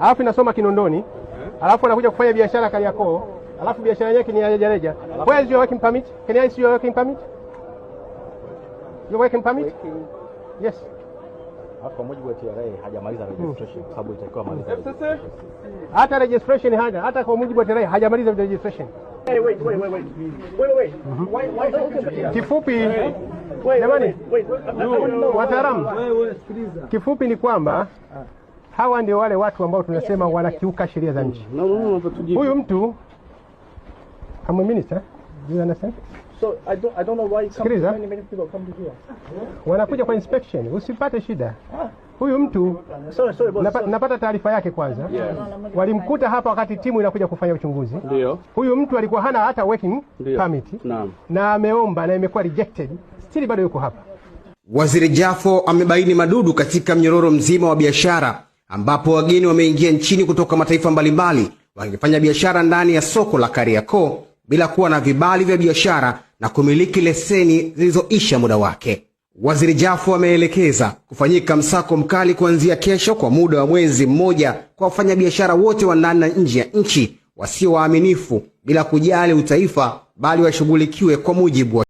alafu inasoma Kinondoni, alafu anakuja kufanya biashara Kariakoo, alafu biashara yake ni ya rejareja. Where is your working permit? Can I see your working permit? Your working permit? Working. Yes. Kwa mujibu wa TRA hajamaliza hmm. registration kwa sababu itakuwa maliza. Hata registration haja, hata kwa mujibu wa TRA hajamaliza registration. Kifupi jamani, wataalamu, kifupi ni kwamba ah hawa ndio wale watu ambao tunasema wanakiuka sheria za nchi. Huyu mtu I'm a Do you understand? So I don't, I don't know why Many, come to here. Wanakuja kwa inspection, usipate shida. Ah. Huyu mtu sorry, sorry, boss, napa, napata taarifa yake kwanza. Walimkuta hapa wakati timu inakuja kufanya uchunguzi. Ndio. Huyu mtu alikuwa hana hata working permit. Naam. Na ameomba na imekuwa rejected. Still bado yuko hapa. Waziri Jafo amebaini madudu katika mnyororo mzima wa biashara ambapo wageni wameingia nchini kutoka mataifa mbalimbali wakifanya biashara ndani ya soko la Kariakoo bila kuwa na vibali vya biashara na kumiliki leseni zilizoisha muda wake. Waziri Jafo ameelekeza kufanyika msako mkali kuanzia kesho kwa muda wa mwezi mmoja kwa wafanyabiashara wote wa ndani na nje ya nchi wasio waaminifu bila kujali utaifa, bali washughulikiwe kwa mujibu wa